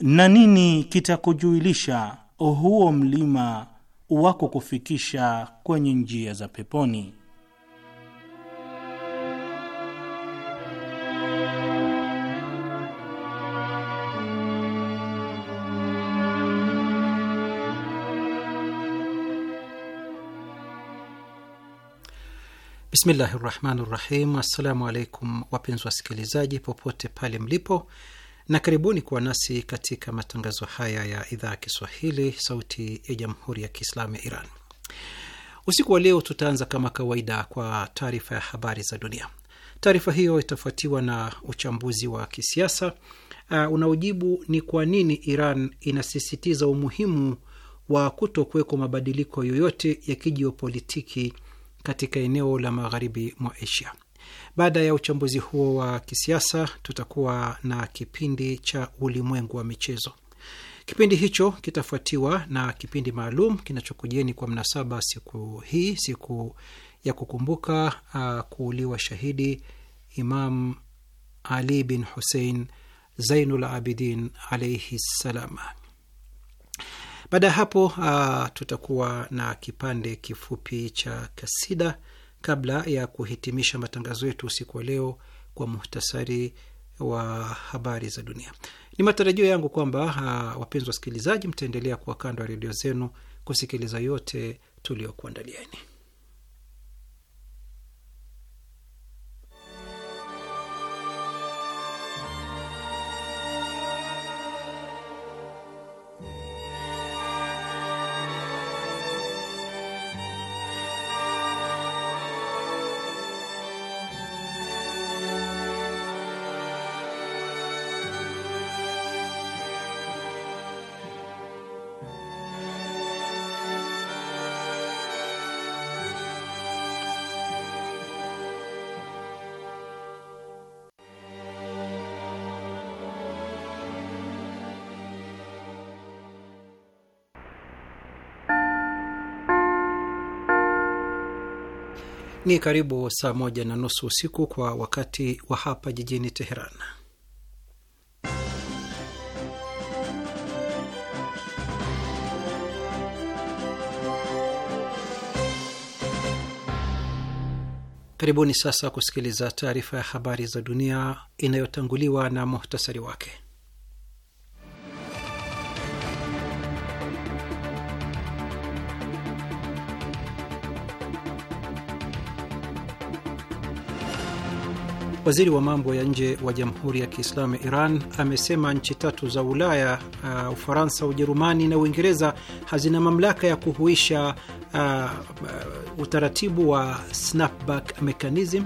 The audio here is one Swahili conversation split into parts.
na nini kitakujuilisha huo mlima wako kufikisha kwenye njia za peponi? Bismillahi rahmani rahim. Assalamu alaikum wapenzi wasikilizaji popote pale mlipo na karibuni kuwa nasi katika matangazo haya ya idhaa ya Kiswahili, Sauti ya Jamhuri ya Kiislamu ya Iran. Usiku wa leo tutaanza kama kawaida kwa taarifa ya habari za dunia. Taarifa hiyo itafuatiwa na uchambuzi wa kisiasa uh, unaojibu ni kwa nini Iran inasisitiza umuhimu wa kuto mabadiliko yoyote ya kijiopolitiki katika eneo la magharibi mwa Asia. Baada ya uchambuzi huo wa kisiasa, tutakuwa na kipindi cha ulimwengu wa michezo. Kipindi hicho kitafuatiwa na kipindi maalum kinachokujieni kwa mnasaba siku hii, siku ya kukumbuka uh, kuuliwa shahidi Imam Ali bin Husein Zainul Abidin alaihi ssalam. Baada ya hapo uh, tutakuwa na kipande kifupi cha kasida kabla ya kuhitimisha matangazo yetu usiku wa leo kwa muhtasari wa habari za dunia. Ni matarajio yangu kwamba wapenzi wasikilizaji, mtaendelea kuwa kando ya redio zenu kusikiliza yote tuliokuandalieni. Ni karibu saa moja na nusu usiku kwa wakati wa hapa jijini Teheran. Karibuni sasa kusikiliza taarifa ya habari za dunia inayotanguliwa na muhtasari wake. Waziri wa mambo ya nje wa Jamhuri ya Kiislamu ya Iran amesema nchi tatu za Ulaya, uh, Ufaransa, Ujerumani na Uingereza hazina mamlaka ya kuhuisha uh, uh, utaratibu wa snapback mechanism.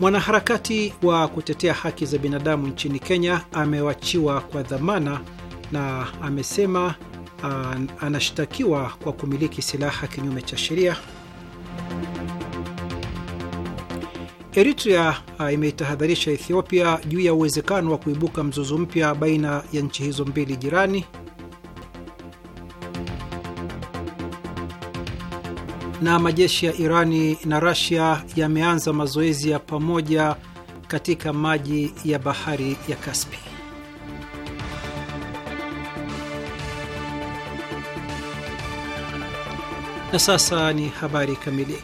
Mwanaharakati wa kutetea haki za binadamu nchini Kenya amewachiwa kwa dhamana na amesema uh, anashtakiwa kwa kumiliki silaha kinyume cha sheria. Eritrea ah, imeitahadharisha Ethiopia juu ya uwezekano wa kuibuka mzozo mpya baina ya nchi hizo mbili jirani. Na majeshi ya Irani na rasia yameanza mazoezi ya pamoja katika maji ya bahari ya Kaspi. Na sasa ni habari kamili.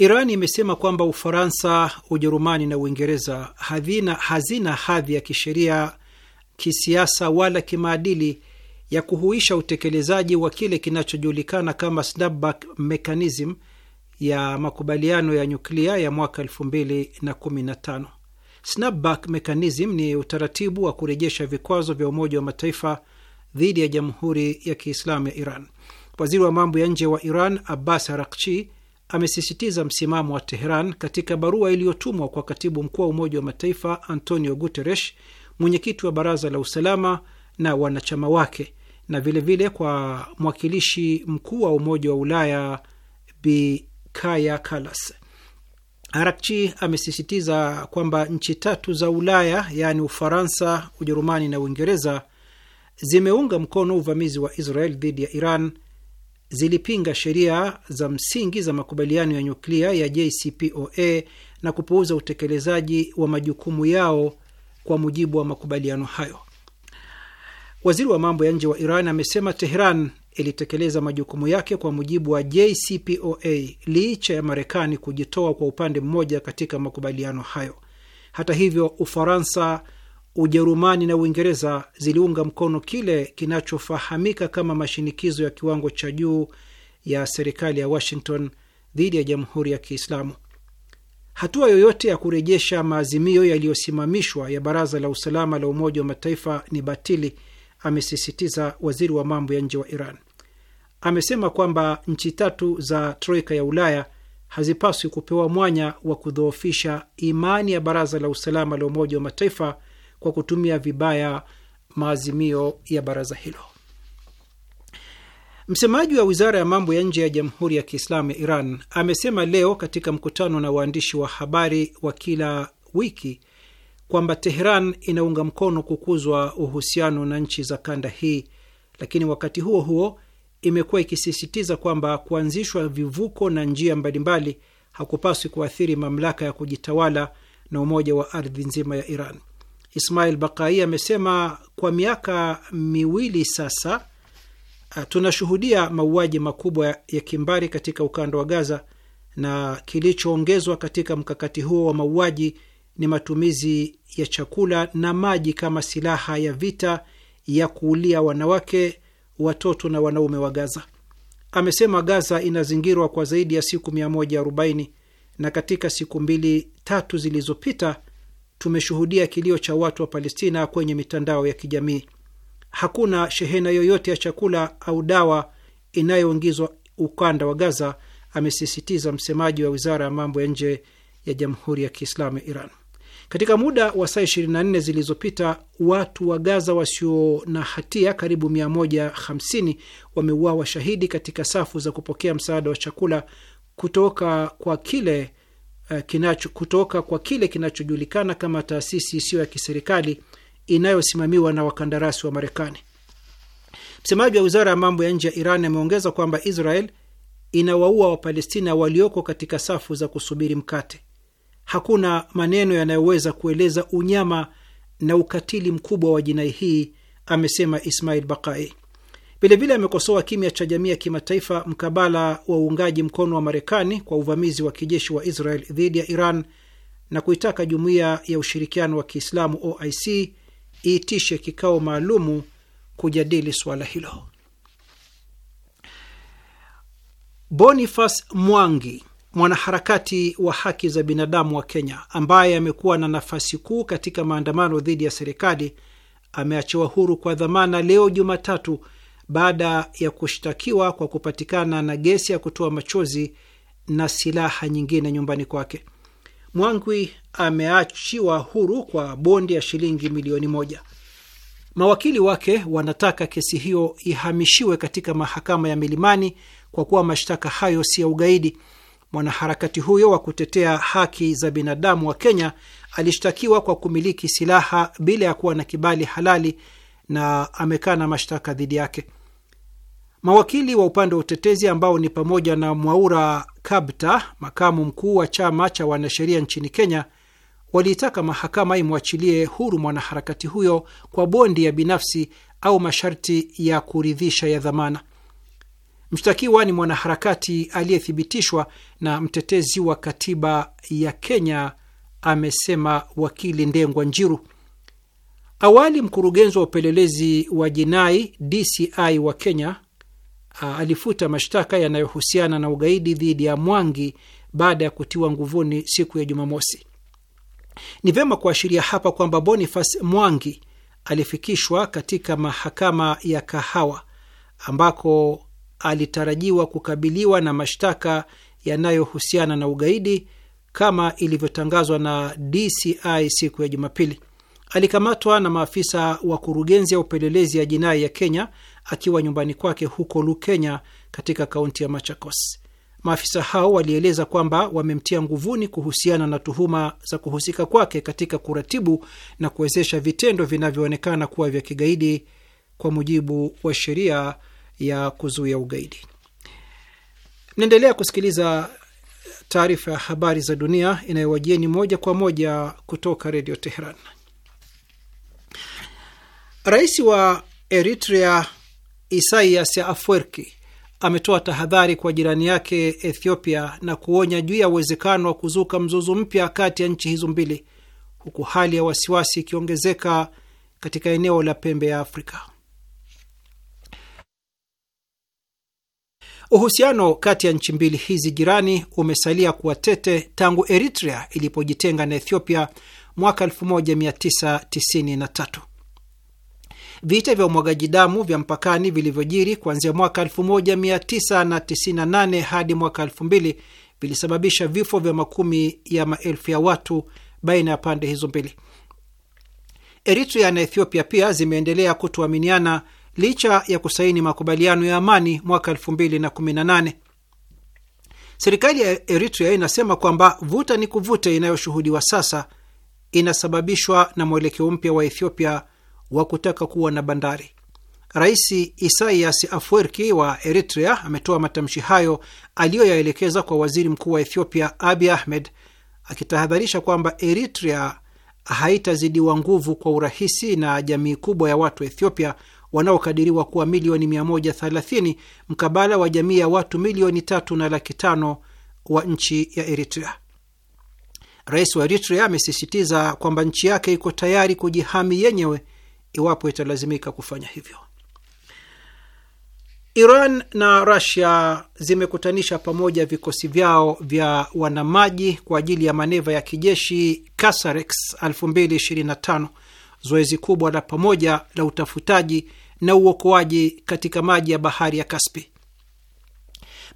Iran imesema kwamba Ufaransa, Ujerumani na Uingereza hazina, hazina hadhi ya kisheria, kisiasa wala kimaadili ya kuhuisha utekelezaji wa kile kinachojulikana kama snapback mechanism ya makubaliano ya nyuklia ya mwaka 2015. Snapback mechanism ni utaratibu wa kurejesha vikwazo vya Umoja wa Mataifa dhidi ya Jamhuri ya Kiislamu ya Iran. Waziri wa mambo ya nje wa Iran Abbas Araghchi amesisitiza msimamo wa Teheran katika barua iliyotumwa kwa katibu mkuu wa Umoja wa Mataifa Antonio Guterres, mwenyekiti wa Baraza la Usalama na wanachama wake, na vilevile vile kwa mwakilishi mkuu wa Umoja wa Ulaya Bi Kaya Kalas. Arakchi amesisitiza kwamba nchi tatu za Ulaya yaani Ufaransa, Ujerumani na Uingereza zimeunga mkono uvamizi wa Israel dhidi ya Iran zilipinga sheria za msingi za makubaliano ya nyuklia ya JCPOA na kupuuza utekelezaji wa majukumu yao kwa mujibu wa makubaliano hayo. Waziri wa mambo ya nje wa Iran amesema Tehran ilitekeleza majukumu yake kwa mujibu wa JCPOA licha ya Marekani kujitoa kwa upande mmoja katika makubaliano hayo. Hata hivyo, Ufaransa Ujerumani na Uingereza ziliunga mkono kile kinachofahamika kama mashinikizo ya kiwango cha juu ya serikali ya Washington dhidi ya Jamhuri ya Kiislamu. Hatua yoyote ya kurejesha maazimio yaliyosimamishwa ya Baraza la Usalama la Umoja wa Mataifa ni batili, amesisitiza waziri wa mambo ya nje wa Iran. Amesema kwamba nchi tatu za troika ya Ulaya hazipaswi kupewa mwanya wa kudhoofisha imani ya Baraza la Usalama la Umoja wa Mataifa kwa kutumia vibaya maazimio ya baraza hilo. Msemaji wa wizara ya mambo ya nje ya Jamhuri ya Kiislamu ya Iran amesema leo katika mkutano na waandishi wa habari wa kila wiki kwamba Teheran inaunga mkono kukuzwa uhusiano na nchi za kanda hii, lakini wakati huo huo imekuwa ikisisitiza kwamba kuanzishwa vivuko na njia mbalimbali hakupaswi kuathiri mamlaka ya kujitawala na umoja wa ardhi nzima ya Iran. Ismail Bakai amesema kwa miaka miwili sasa uh, tunashuhudia mauaji makubwa ya kimbari katika ukanda wa Gaza, na kilichoongezwa katika mkakati huo wa mauaji ni matumizi ya chakula na maji kama silaha ya vita ya kuulia wanawake, watoto na wanaume wa Gaza. Amesema Gaza inazingirwa kwa zaidi ya siku 140 na katika siku mbili tatu zilizopita tumeshuhudia kilio cha watu wa Palestina kwenye mitandao ya kijamii. Hakuna shehena yoyote ya chakula au dawa inayoingizwa ukanda wa Gaza, amesisitiza msemaji wa wizara ya mambo ya nje ya Jamhuri ya Kiislamu ya Iran. Katika muda wa saa 24 zilizopita watu wa Gaza wasio na hatia karibu 150 wameuawa shahidi katika safu za kupokea msaada wa chakula kutoka kwa kile Eh, kinacho, kutoka kwa kile kinachojulikana kama taasisi isiyo ya kiserikali inayosimamiwa na wakandarasi wa Marekani. Msemaji wa wizara ya mambo ya nje ya Iran ameongeza kwamba Israel inawaua Wapalestina walioko katika safu za kusubiri mkate. Hakuna maneno yanayoweza kueleza unyama na ukatili mkubwa wa jinai hii, amesema Ismail Bakai. Vilevile amekosoa kimya cha jamii ya kimataifa mkabala wa uungaji mkono wa Marekani kwa uvamizi wa kijeshi wa Israel dhidi ya Iran na kuitaka Jumuiya ya Ushirikiano wa Kiislamu OIC iitishe kikao maalumu kujadili suala hilo. Boniface Mwangi, mwanaharakati wa haki za binadamu wa Kenya ambaye amekuwa na nafasi kuu katika maandamano dhidi ya serikali, ameachiwa huru kwa dhamana leo Jumatatu baada ya kushtakiwa kwa kupatikana na gesi ya kutoa machozi na silaha nyingine nyumbani kwake. Mwangwi ameachiwa huru kwa bondi ya shilingi milioni moja. Mawakili wake wanataka kesi hiyo ihamishiwe katika mahakama ya Milimani kwa kuwa mashtaka hayo si ya ugaidi. Mwanaharakati huyo wa kutetea haki za binadamu wa Kenya alishtakiwa kwa kumiliki silaha bila ya kuwa na kibali halali na amekana mashtaka dhidi yake. Mawakili wa upande wa utetezi ambao ni pamoja na Mwaura Kabta, makamu mkuu wa chama cha wanasheria nchini Kenya, waliitaka mahakama imwachilie huru mwanaharakati huyo kwa bondi ya binafsi au masharti ya kuridhisha ya dhamana. Mshtakiwa ni mwanaharakati aliyethibitishwa na mtetezi wa katiba ya Kenya, amesema wakili Ndengwa Njiru. Awali mkurugenzi wa upelelezi wa jinai DCI wa Kenya alifuta mashtaka yanayohusiana na ugaidi dhidi ya Mwangi baada ya kutiwa nguvuni siku ya Jumamosi. Ni vyema kuashiria hapa kwamba Boniface Mwangi alifikishwa katika mahakama ya Kahawa ambako alitarajiwa kukabiliwa na mashtaka yanayohusiana na ugaidi kama ilivyotangazwa na DCI siku ya Jumapili. Alikamatwa na maafisa wa kurugenzi ya upelelezi ya jinai ya Kenya akiwa nyumbani kwake huko Lukenya katika kaunti ya Machakos. Maafisa hao walieleza kwamba wamemtia nguvuni kuhusiana na tuhuma za kuhusika kwake katika kuratibu na kuwezesha vitendo vinavyoonekana kuwa vya kigaidi kwa mujibu wa sheria ya kuzuia ugaidi. Mnaendelea kusikiliza taarifa ya habari za dunia inayowajieni moja kwa moja kutoka Redio Teheran. Rais wa Eritrea Isaias Afwerki ametoa tahadhari kwa jirani yake Ethiopia na kuonya juu ya uwezekano wa kuzuka mzozo mpya kati ya nchi hizo mbili, huku hali ya wasiwasi ikiongezeka katika eneo la pembe ya Afrika. Uhusiano kati ya nchi mbili hizi jirani umesalia kuwa tete tangu Eritrea ilipojitenga na Ethiopia mwaka 1993. Vita vya umwagaji damu vya mpakani vilivyojiri kuanzia mwaka 1998 hadi mwaka 2000 vilisababisha vifo vya makumi ya maelfu ya watu baina ya pande hizo mbili. Eritrea na Ethiopia pia zimeendelea kutoaminiana licha ya kusaini makubaliano ya amani mwaka 2018. Serikali ya Eritrea inasema kwamba vuta ni kuvuta inayoshuhudiwa sasa inasababishwa na mwelekeo mpya wa Ethiopia wa kutaka kuwa na bandari. Rais Isaias Afwerki wa Eritrea ametoa matamshi hayo aliyoyaelekeza kwa waziri mkuu wa Ethiopia abi Ahmed, akitahadharisha kwamba Eritrea haitazidiwa nguvu kwa urahisi na jamii kubwa ya watu wa Ethiopia wanaokadiriwa kuwa milioni 130 mkabala wa jamii ya watu milioni tatu na laki tano wa nchi ya Eritrea. Rais wa Eritrea amesisitiza kwamba nchi yake iko tayari kujihami yenyewe iwapo italazimika kufanya hivyo. Iran na rasia zimekutanisha pamoja vikosi vyao vya wanamaji kwa ajili ya maneva ya kijeshi Kasarex 2025, zoezi kubwa la pamoja la utafutaji na uokoaji katika maji ya bahari ya Kaspi.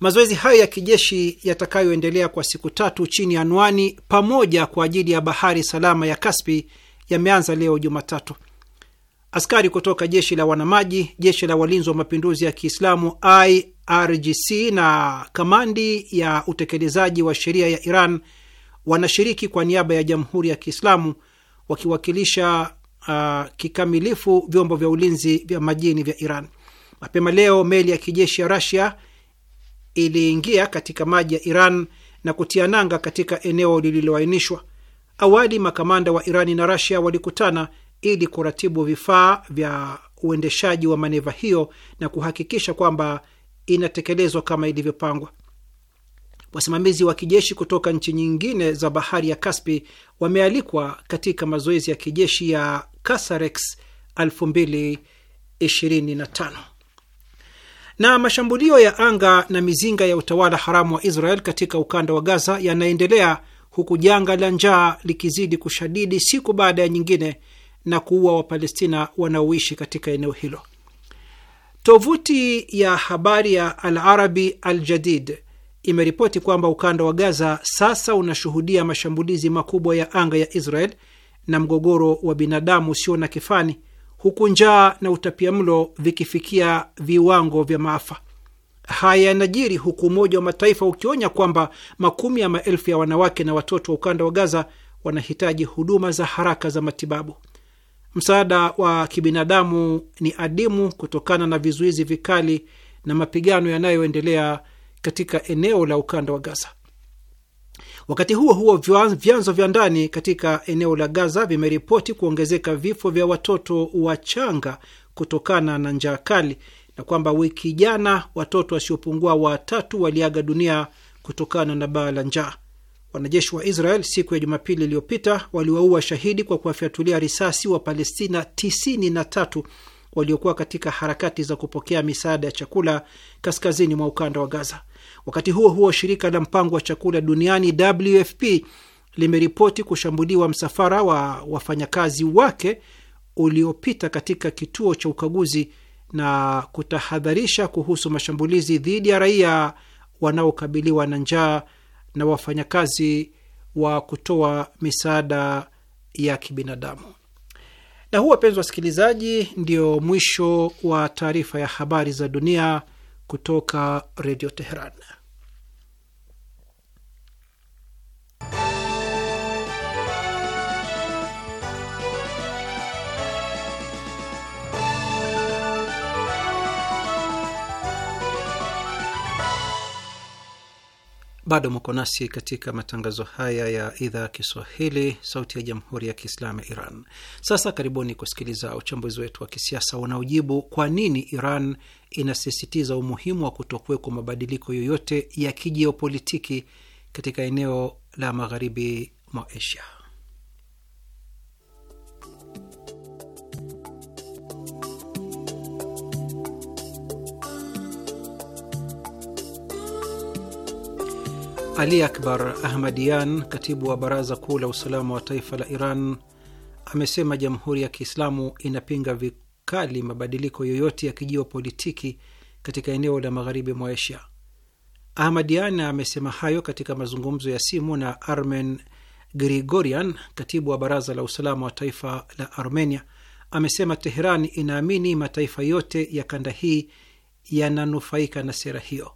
Mazoezi hayo ya kijeshi yatakayoendelea kwa siku tatu chini ya anwani pamoja kwa ajili ya bahari salama ya Kaspi yameanza leo Jumatatu. Askari kutoka jeshi la wanamaji, jeshi la walinzi wa mapinduzi ya Kiislamu IRGC na kamandi ya utekelezaji wa sheria ya Iran wanashiriki kwa niaba ya Jamhuri ya Kiislamu wakiwakilisha uh, kikamilifu vyombo vya ulinzi vya majini vya Iran. Mapema leo meli ya kijeshi ya rasia iliingia katika maji ya Iran na kutia nanga katika eneo lililoainishwa. Awali makamanda wa Irani na rasia walikutana ili kuratibu vifaa vya uendeshaji wa maneva hiyo na kuhakikisha kwamba inatekelezwa kama ilivyopangwa. Wasimamizi wa kijeshi kutoka nchi nyingine za bahari ya Kaspi wamealikwa katika mazoezi ya kijeshi ya Kasarex 2025. Na mashambulio ya anga na mizinga ya utawala haramu wa Israel katika ukanda wa Gaza yanaendelea huku janga la njaa likizidi kushadidi siku baada ya nyingine na kuua Wapalestina wanaoishi katika eneo hilo. Tovuti ya habari ya Al Arabi Al Jadid imeripoti kwamba ukanda wa Gaza sasa unashuhudia mashambulizi makubwa ya anga ya Israel na mgogoro wa binadamu usio na kifani, huku njaa na utapiamlo vikifikia viwango vya maafa. Haya yanajiri huku Umoja wa Mataifa ukionya kwamba makumi ya maelfu ya wanawake na watoto wa ukanda wa Gaza wanahitaji huduma za haraka za matibabu. Msaada wa kibinadamu ni adimu kutokana na vizuizi vikali na mapigano yanayoendelea katika eneo la ukanda wa Gaza. Wakati huo huo, vyanzo vya ndani katika eneo la Gaza vimeripoti kuongezeka vifo vya watoto wachanga kutokana na njaa kali na kwamba wiki jana watoto wasiopungua watatu waliaga dunia kutokana na baa la njaa. Wanajeshi wa Israel siku ya Jumapili iliyopita waliwaua shahidi kwa kuwafyatulia risasi wa Palestina 93 waliokuwa katika harakati za kupokea misaada ya chakula kaskazini mwa ukanda wa Gaza. Wakati huo huo, shirika la mpango wa chakula duniani WFP limeripoti kushambuliwa msafara wa wafanyakazi wake uliopita katika kituo cha ukaguzi na kutahadharisha kuhusu mashambulizi dhidi ya raia wanaokabiliwa na njaa na wafanyakazi wa kutoa misaada ya kibinadamu. Na huu, wapenzi wasikilizaji, ndio mwisho wa taarifa ya habari za dunia kutoka Redio Teheran. Bado mko nasi katika matangazo haya ya idhaa ya Kiswahili, sauti ya jamhuri ya kiislamu ya Iran. Sasa karibuni kusikiliza uchambuzi wetu wa kisiasa unaojibu kwa nini Iran inasisitiza umuhimu wa kutokuwekwa mabadiliko yoyote ya kijiopolitiki katika eneo la magharibi mwa Asia. Ali Akbar Ahmadian, katibu wa baraza kuu la usalama wa taifa la Iran, amesema jamhuri ya Kiislamu inapinga vikali mabadiliko yoyote ya kijiopolitiki katika eneo la magharibi mwa Asia. Ahmadian amesema hayo katika mazungumzo ya simu na Armen Grigorian, katibu wa baraza la usalama wa taifa la Armenia. Amesema Teheran inaamini mataifa yote ya kanda hii yananufaika na sera hiyo.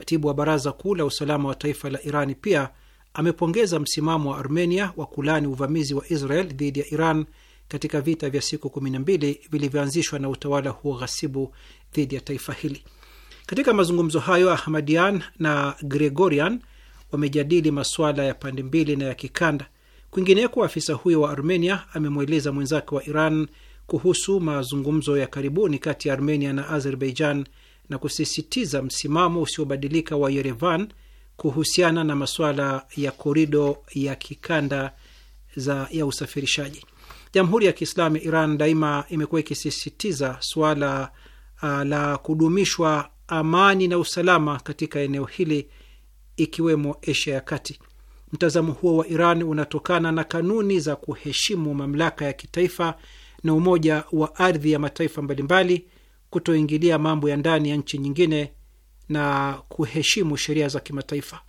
Katibu wa Baraza Kuu la Usalama wa Taifa la Irani pia amepongeza msimamo wa Armenia wa kulani uvamizi wa Israel dhidi ya Iran katika vita vya siku 12 vilivyoanzishwa na utawala huo ghasibu dhidi ya taifa hili. Katika mazungumzo hayo, Ahmadian na Gregorian wamejadili masuala ya pande mbili na ya kikanda. Kwingineko, afisa huyo wa Armenia amemweleza mwenzake wa Iran kuhusu mazungumzo ya karibuni kati ya Armenia na Azerbaijan na kusisitiza msimamo usiobadilika wa Yerevan kuhusiana na masuala ya korido ya kikanda za ya usafirishaji. Jamhuri ya Kiislamu ya Iran daima imekuwa ikisisitiza suala uh, la kudumishwa amani na usalama katika eneo hili ikiwemo Asia ya Kati. Mtazamo huo wa Iran unatokana na kanuni za kuheshimu mamlaka ya kitaifa na umoja wa ardhi ya mataifa mbalimbali kutoingilia mambo ya ndani ya nchi nyingine na kuheshimu sheria za kimataifa.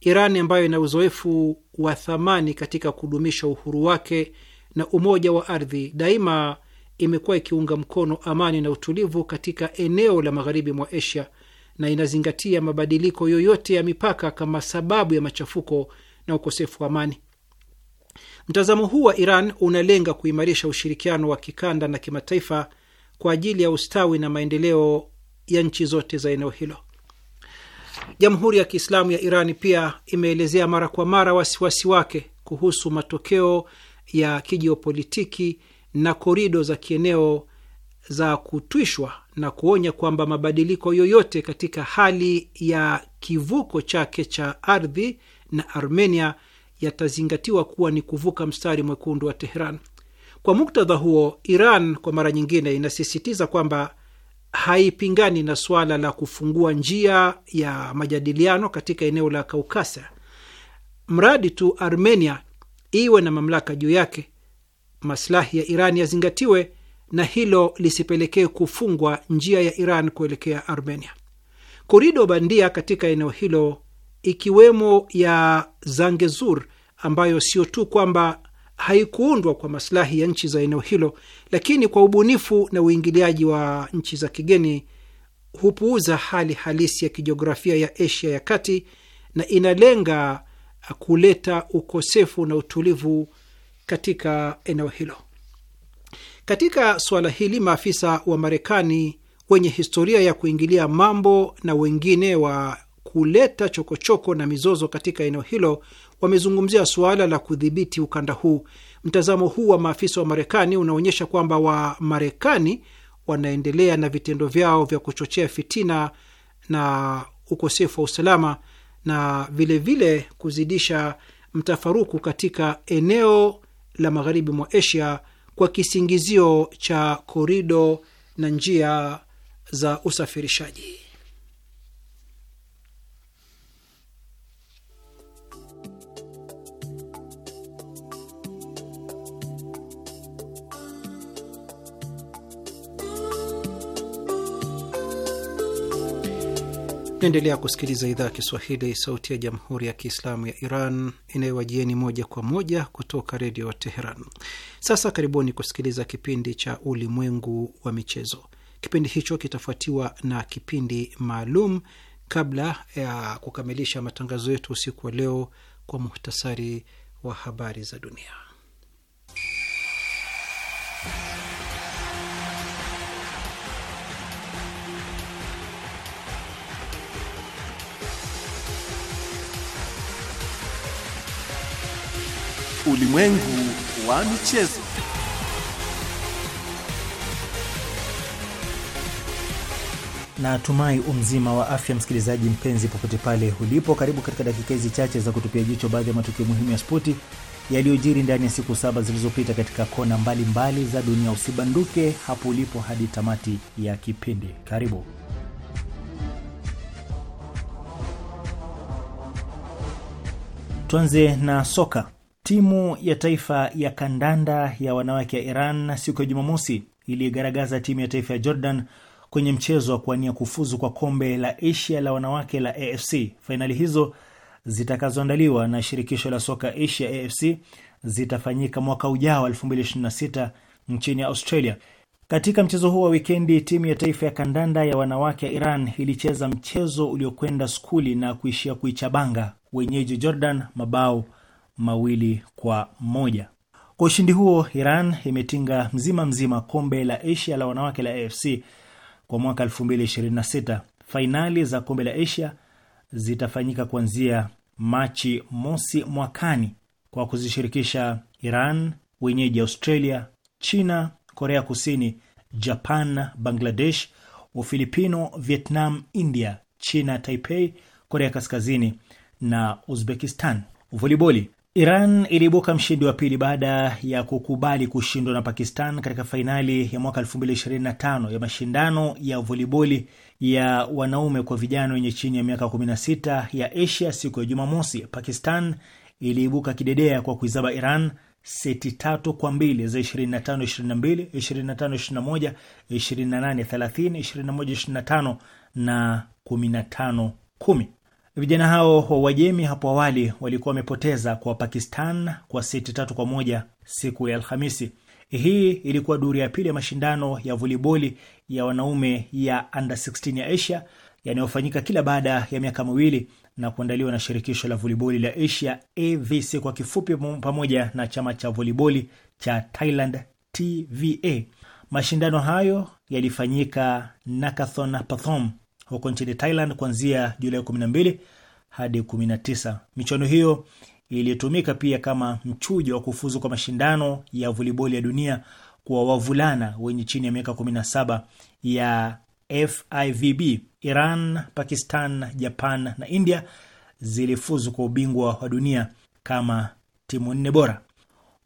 Iran ambayo ina uzoefu wa thamani katika kudumisha uhuru wake na umoja wa ardhi, daima imekuwa ikiunga mkono amani na utulivu katika eneo la magharibi mwa Asia na inazingatia mabadiliko yoyote ya mipaka kama sababu ya machafuko na ukosefu wa amani. Mtazamo huu wa Iran unalenga kuimarisha ushirikiano wa kikanda na kimataifa kwa ajili ya ustawi na maendeleo ya nchi zote za eneo hilo. Jamhuri ya Kiislamu ya Iran pia imeelezea mara kwa mara wasiwasi wake kuhusu matokeo ya kijiopolitiki na korido za kieneo za kutwishwa na kuonya kwamba mabadiliko yoyote katika hali ya kivuko chake cha ardhi na Armenia yatazingatiwa kuwa ni kuvuka mstari mwekundu wa teheran kwa muktadha huo, Iran kwa mara nyingine inasisitiza kwamba haipingani na suala la kufungua njia ya majadiliano katika eneo la Kaukasa, mradi tu Armenia iwe na mamlaka juu yake. Maslahi ya Iran yazingatiwe na hilo lisipelekee kufungwa njia ya Iran kuelekea Armenia. Korido bandia katika eneo hilo ikiwemo ya Zangezur ambayo sio tu kwamba haikuundwa kwa masilahi ya nchi za eneo hilo, lakini kwa ubunifu na uingiliaji wa nchi za kigeni hupuuza hali halisi ya kijiografia ya Asia ya kati na inalenga kuleta ukosefu na utulivu katika eneo hilo. Katika suala hili, maafisa wa Marekani wenye historia ya kuingilia mambo na wengine wa kuleta chokochoko choko na mizozo katika eneo hilo wamezungumzia suala la kudhibiti ukanda huu. Mtazamo huu wa maafisa wa Marekani unaonyesha kwamba Wamarekani wanaendelea na vitendo vyao vya kuchochea fitina na ukosefu wa usalama na vilevile vile kuzidisha mtafaruku katika eneo la magharibi mwa Asia kwa kisingizio cha korido na njia za usafirishaji. Naendelea kusikiliza idhaa ya Kiswahili, sauti ya jamhuri ya kiislamu ya Iran inayowajieni moja kwa moja kutoka redio Teheran. Sasa karibuni kusikiliza kipindi cha Ulimwengu wa Michezo. Kipindi hicho kitafuatiwa na kipindi maalum kabla ya kukamilisha matangazo yetu usiku wa leo kwa muhtasari wa habari za dunia. Ulimwengu wa michezo. Natumai umzima wa afya, msikilizaji mpenzi, popote pale ulipo. Karibu katika dakika hizi chache za kutupia jicho baadhi ya matukio muhimu ya spoti yaliyojiri ndani ya siku saba zilizopita katika kona mbalimbali mbali za dunia. Usibanduke hapo ulipo hadi tamati ya kipindi. Karibu. Tuanze na soka. Timu ya taifa ya kandanda ya wanawake ya Iran siku ya Jumamosi iliigaragaza timu ya taifa ya Jordan kwenye mchezo wa kuwania kufuzu kwa kombe la Asia la wanawake la AFC. Fainali hizo zitakazoandaliwa na shirikisho la soka Asia AFC zitafanyika mwaka ujao 2026 nchini Australia. Katika mchezo huo wa wikendi, timu ya taifa ya kandanda ya wanawake ya Iran ilicheza mchezo uliokwenda skuli na kuishia kuichabanga wenyeji Jordan mabao mawili kwa moja. Kwa ushindi huo, Iran imetinga mzima mzima kombe la Asia la wanawake la AFC kwa mwaka 2026. Fainali za kombe la Asia zitafanyika kuanzia Machi mosi mwakani kwa kuzishirikisha Iran, wenyeji Australia, China, Korea Kusini, Japan, Bangladesh, Ufilipino, Vietnam, India, China Taipei, Korea Kaskazini na Uzbekistan. Voliboli Iran iliibuka mshindi wa pili baada ya kukubali kushindwa na Pakistan katika fainali ya mwaka 2025 ya mashindano ya voliboli ya wanaume kwa vijana wenye chini ya miaka 16 ya Asia siku ya Jumamosi. Pakistan iliibuka kidedea kwa kuizaba Iran seti tatu kwa mbili za 25 22, 25 21, 28 30, 21 25 na 15 10. Vijana hao wa Uajemi hapo awali walikuwa wamepoteza kwa Pakistan kwa seti tatu kwa moja siku ya Alhamisi. Hii ilikuwa duru ya pili ya mashindano ya voliboli ya wanaume ya under 16 ya Asia yanayofanyika kila baada ya miaka miwili na kuandaliwa na shirikisho la voliboli la Asia AVC kwa kifupi, pamoja na chama cha voliboli cha Thailand TVA. Mashindano hayo yalifanyika Nakathon Pathom huko nchini Thailand kuanzia Julai 12 hadi 19. Michuano hiyo ilitumika pia kama mchujo wa kufuzu kwa mashindano ya voliboli ya dunia kwa wavulana wenye chini ya miaka 17 ya FIVB. Iran, Pakistan, Japan na India zilifuzu kwa ubingwa wa dunia kama timu nne bora.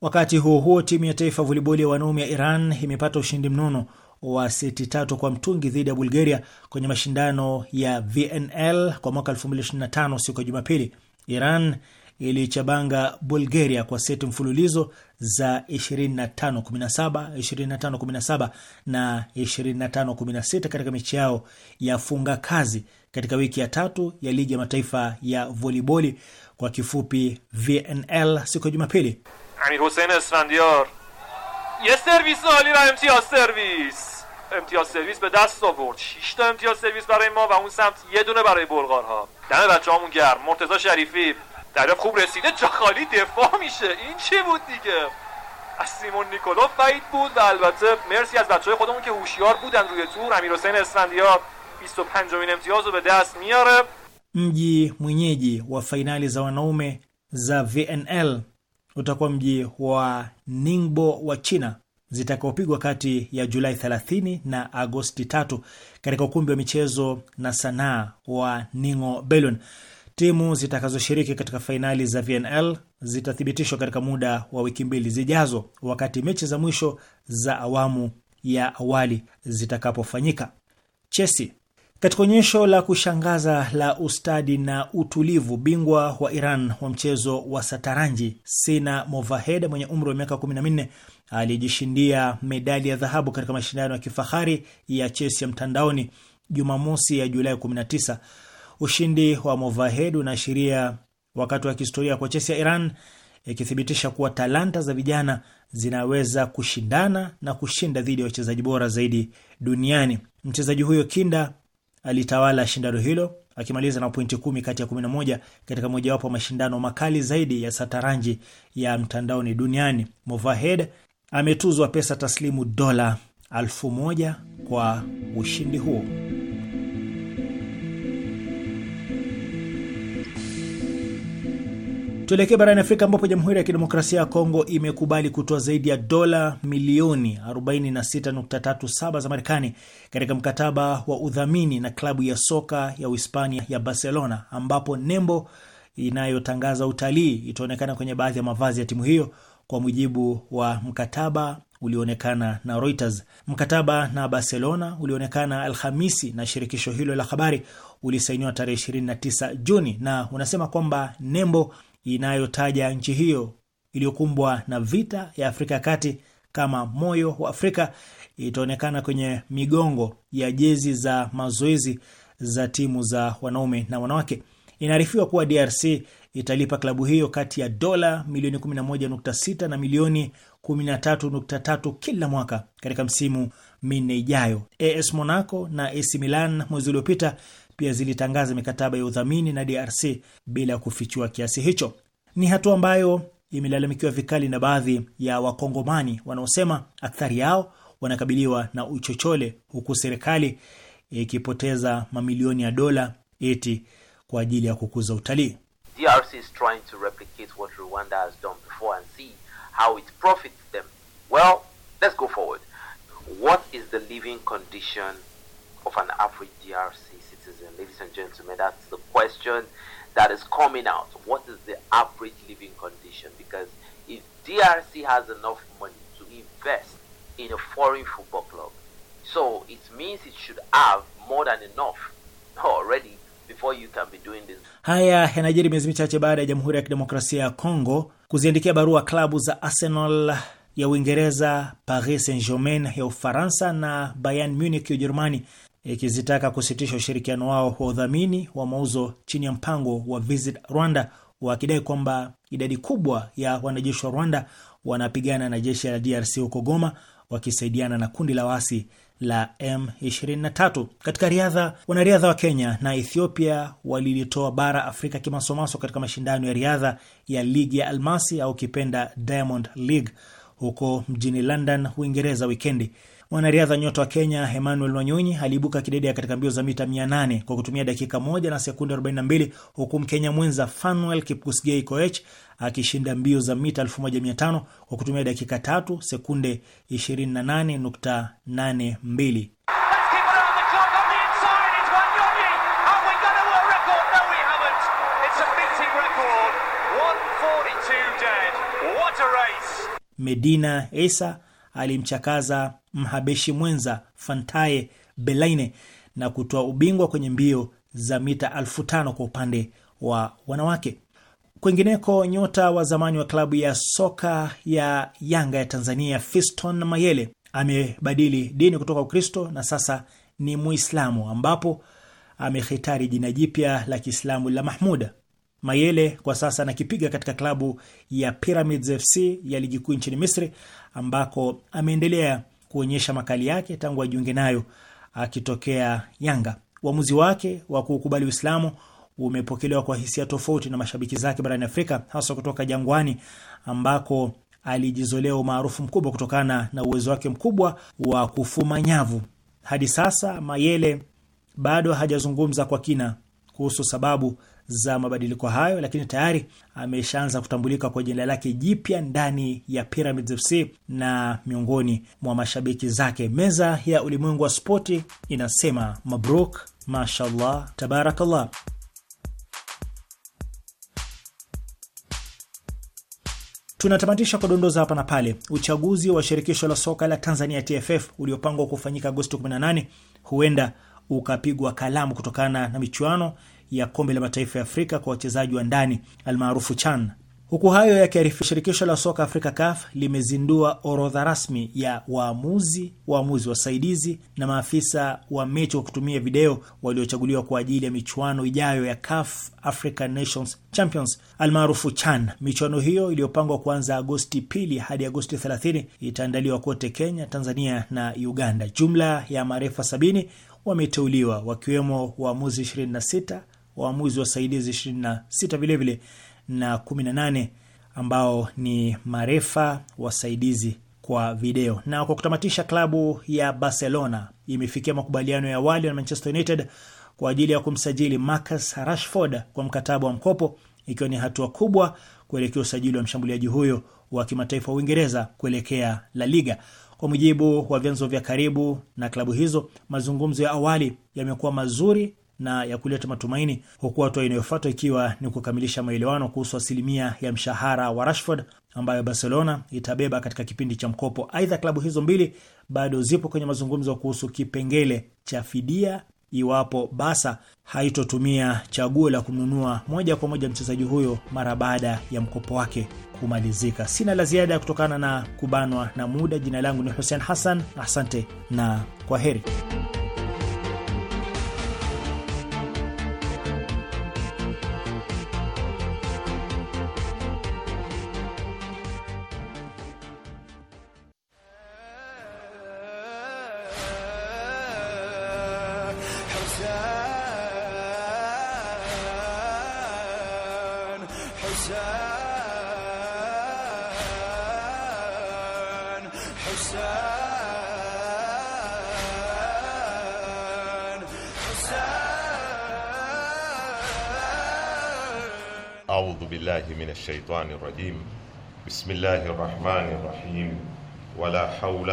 Wakati huo huo, timu ya taifa voliboli ya wanaume ya Iran imepata ushindi mnono wa seti tatu kwa mtungi dhidi ya Bulgaria kwenye mashindano ya VNL kwa mwaka 2025 siku ya Jumapili. Iran ilichabanga Bulgaria kwa seti mfululizo za 25 17, 25 17 na 25 16 katika mechi yao ya funga kazi katika wiki ya tatu ya ligi ya mataifa ya voliboli kwa kifupi VNL siku ya Jumapili. Amir Hussein یه سرویس عالی و امتیاز سرویس امتیاز سرویس به دست آورد 6 تا امتیاز سرویس برای ما و اون سمت یه دونه برای بلغارها دم بچه‌هامون گرم مرتضی شریفی در خوب رسیده جا خالی دفاع میشه این چی بود دیگه از سیمون نیکولوف فید بود و البته مرسی از بچه های خودمون که هوشیار بودن روی تور امیر حسین اسفندیار 25 امتیاز رو به دست میاره اینجی و فینال زا VNL utakuwa mji wa Ningbo wa China zitakaopigwa kati ya Julai 30 na Agosti 3 katika ukumbi wa michezo na sanaa wa Ningo Belon. Timu zitakazoshiriki katika fainali za VNL zitathibitishwa katika muda wa wiki mbili zijazo, wakati mechi za mwisho za awamu ya awali zitakapofanyika. Chesi katika onyesho la kushangaza la ustadi na utulivu, bingwa wa Iran wa mchezo wa sataranji Sina Movahed mwenye umri wa miaka 14 alijishindia medali ya dhahabu katika mashindano ya kifahari ya chesi ya mtandaoni Jumamosi ya Julai 19. Ushindi wa Movahed unaashiria wakati wa kihistoria kwa chesi ya Iran, ikithibitisha kuwa talanta za vijana zinaweza kushindana na kushinda dhidi ya wachezaji bora zaidi duniani. Mchezaji huyo kinda alitawala shindano hilo akimaliza na pointi kumi kati ya 11 katika mojawapo wa mashindano makali zaidi ya sataranji ya mtandaoni duniani. Movahed ametuzwa pesa taslimu dola elfu moja kwa ushindi huo. Tuelekee barani Afrika ambapo Jamhuri ya Kidemokrasia ya Kongo imekubali kutoa zaidi ya dola milioni 46.37 za Marekani katika mkataba wa udhamini na klabu ya soka ya Uhispania ya Barcelona, ambapo nembo inayotangaza utalii itaonekana kwenye baadhi ya mavazi ya timu hiyo, kwa mujibu wa mkataba ulioonekana na Reuters. Mkataba na Barcelona ulioonekana Alhamisi na shirikisho hilo la habari ulisainiwa tarehe 29 Juni na unasema kwamba nembo inayotaja nchi hiyo iliyokumbwa na vita ya Afrika ya Kati kama moyo wa Afrika itaonekana kwenye migongo ya jezi za mazoezi za timu za wanaume na wanawake. Inaarifiwa kuwa DRC italipa klabu hiyo kati ya dola milioni 11.6 na milioni 13.3 kila mwaka katika msimu minne ijayo. AS Monaco na AC Milan mwezi uliopita pia zilitangaza mikataba ya udhamini na DRC bila ya kufichua kiasi hicho. Ni hatua ambayo imelalamikiwa vikali na baadhi ya Wakongomani wanaosema akthari yao wanakabiliwa na uchochole, huku serikali ikipoteza mamilioni ya dola eti kwa ajili ya kukuza utalii. DRC is trying to replicate what Rwanda has done before and see how it profits them. Well, let's go forward. What is the living condition of an average DRC? ladies and gentlemen. That's the question that is coming out. What is the average living condition? Because if DRC has enough money to invest in a foreign football club, so it means it should have more than enough already before you can be doing this. Haya yanajiri miezi michache baada ya Jamhuri ya Kidemokrasia ya Kongo kuziandikia barua klabu za Arsenal ya Uingereza, Paris Saint-Germain ya Ufaransa na Bayern Munich ya Ujerumani ikizitaka kusitisha ushirikiano wao wa udhamini wa mauzo chini ya mpango wa Visit Rwanda, wakidai kwamba idadi kubwa ya wanajeshi wa Rwanda wanapigana na jeshi la DRC huko Goma wakisaidiana na kundi la wasi la M23. Katika riadha, wanariadha wa Kenya na Ethiopia walilitoa bara Afrika kimasomaso katika mashindano ya riadha ya ligi ya Almasi au kipenda Diamond League huko mjini London, Uingereza wikendi. Mwanariadha nyota wa Kenya Emmanuel Wanyonyi aliibuka kidedea katika mbio za mita 800 kwa kutumia dakika moja na sekunde 42 huku Mkenya mwenza Fanuel Kipkusgei Koech akishinda mbio za mita 1500 kwa kutumia dakika tatu sekunde 28.82. Medina Esa alimchakaza mhabeshi mwenza Fantaye Belaine na kutoa ubingwa kwenye mbio za mita elfu tano kwa upande wa wanawake. Kwingineko, nyota wa zamani wa klabu ya soka ya Yanga ya Tanzania Fiston Mayele amebadili dini kutoka Ukristo na sasa ni Muislamu, ambapo amehitari jina jipya la Kiislamu la Mahmuda. Mayele kwa sasa anakipiga katika klabu ya Pyramids FC ya ligi kuu nchini Misri, ambako ameendelea kuonyesha makali yake tangu ajiunge nayo akitokea Yanga. Uamuzi wake wa kuukubali Uislamu umepokelewa kwa hisia tofauti na mashabiki zake barani Afrika, hasa kutoka Jangwani ambako alijizolea umaarufu mkubwa kutokana na uwezo wake mkubwa wa kufuma nyavu. Hadi sasa Mayele bado hajazungumza kwa kina kuhusu sababu za mabadiliko hayo, lakini tayari ameshaanza kutambulika kwa jina lake jipya ndani ya Pyramids FC na miongoni mwa mashabiki zake. Meza ya ulimwengu wa spoti inasema mabruk, mashallah, tabarakallah. Tunatamatisha kwa dondoza hapa na pale. Uchaguzi wa shirikisho la soka la Tanzania TFF uliopangwa kufanyika Agosti 18 huenda ukapigwa kalamu kutokana na michuano ya kombe la mataifa ya Afrika kwa wachezaji wa ndani almaarufu CHAN. Huku hayo yakiarifi, shirikisho la soka Afrika CAF limezindua orodha rasmi ya waamuzi, waamuzi wasaidizi na maafisa wa mechi wa kutumia video waliochaguliwa kwa ajili ya michuano ijayo ya CAF African Nations Champions almaarufu CHAN. Michuano hiyo iliyopangwa kuanza Agosti pili hadi Agosti 30 itaandaliwa kote Kenya, Tanzania na Uganda. Jumla ya marefa sabini wameteuliwa wakiwemo waamuzi 26 waamuzi wasaidizi 26 vilevile na 18 ambao ni marefa wasaidizi kwa video. Na kwa kutamatisha, klabu ya Barcelona imefikia makubaliano ya awali na Manchester United kwa ajili ya kumsajili Marcus Rashford kwa mkataba wa mkopo, ikiwa ni hatua kubwa kuelekea usajili wa mshambuliaji huyo wa kimataifa wa Uingereza kuelekea La Liga. Kwa mujibu wa vyanzo vya karibu na klabu hizo, mazungumzo ya awali yamekuwa mazuri na ya kuleta matumaini, huku hatua inayofuata ikiwa ni kukamilisha maelewano kuhusu asilimia ya mshahara wa Rashford ambayo Barcelona itabeba katika kipindi cha mkopo. Aidha, klabu hizo mbili bado zipo kwenye mazungumzo kuhusu kipengele cha fidia iwapo Barca haitotumia chaguo la kumnunua moja kwa moja mchezaji huyo mara baada ya mkopo wake kumalizika. Sina la ziada kutokana na kubanwa na muda. Jina langu ni Hussein Hassan, asante na kwa heri. حسين حسين حسين أعوذ بالله من الشيطان الرجيم بسم الله الرحمن الرحيم ولا حول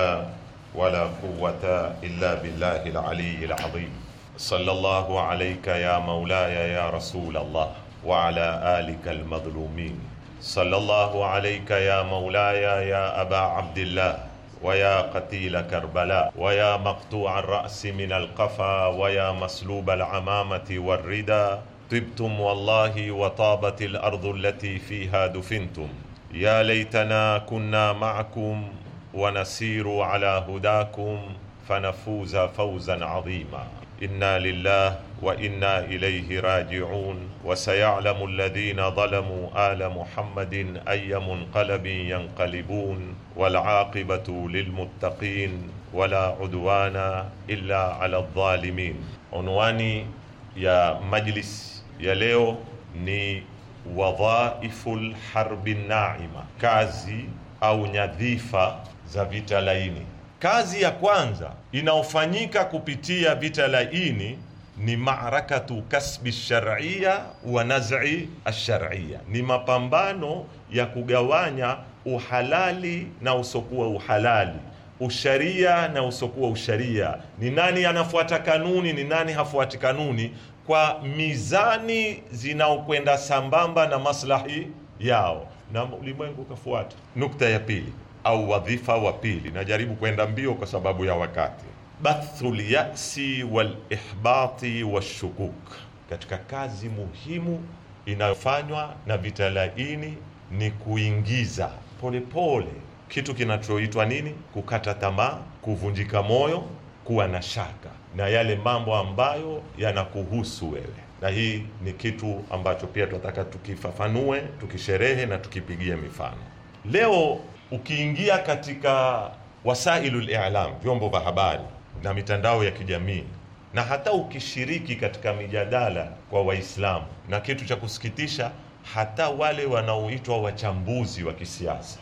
ولا قوة إلا بالله العلي العظيم صلى الله عليك يا مولاي يا رسول الله وعلى آلك المظلومين صلى الله عليك يا مولاي يا أبا عبد الله ويا قتيل كربلاء ويا مقطوع الرأس من القفا ويا مسلوب العمامة والردى طبتم والله وطابت الأرض التي فيها دفنتم يا ليتنا كنا معكم ونسير على هداكم فنفوز فوزا عظيما inna lillah wa inna ilayhi raji'un wa sayalamu alladhina dhalamu ala Muhammadin ayya munqalabin yanqalibun wal aqibatu lil muttaqin wala udwana illa ala dhalimin. Unwani ya majlis ya leo ni wadhaiful harbi naima, kazi au nyadhifa za vita laini. Kazi ya kwanza inayofanyika kupitia vita laini ni maarakatu kasbi sharia wa naz'i asharia, ni mapambano ya kugawanya uhalali na usokuwa uhalali, usharia na usokuwa usharia, ni nani anafuata kanuni, ni nani hafuati kanuni, kwa mizani zinaokwenda sambamba na maslahi yao, na ulimwengu ukafuata. Nukta ya pili au wadhifa wa pili, najaribu kwenda mbio kwa sababu ya wakati. Bathul yasi wal ihbati washukuk, katika kazi muhimu inayofanywa na vitalaini ni kuingiza polepole pole kitu kinachoitwa nini, kukata tamaa, kuvunjika moyo, kuwa na shaka na yale mambo ambayo yanakuhusu wewe, na hii ni kitu ambacho pia tunataka tukifafanue, tukisherehe na tukipigie mifano leo ukiingia katika wasailul i'lam, vyombo vya habari na mitandao ya kijamii na hata ukishiriki katika mijadala kwa Waislamu, na kitu cha kusikitisha, hata wale wanaoitwa wachambuzi wa kisiasa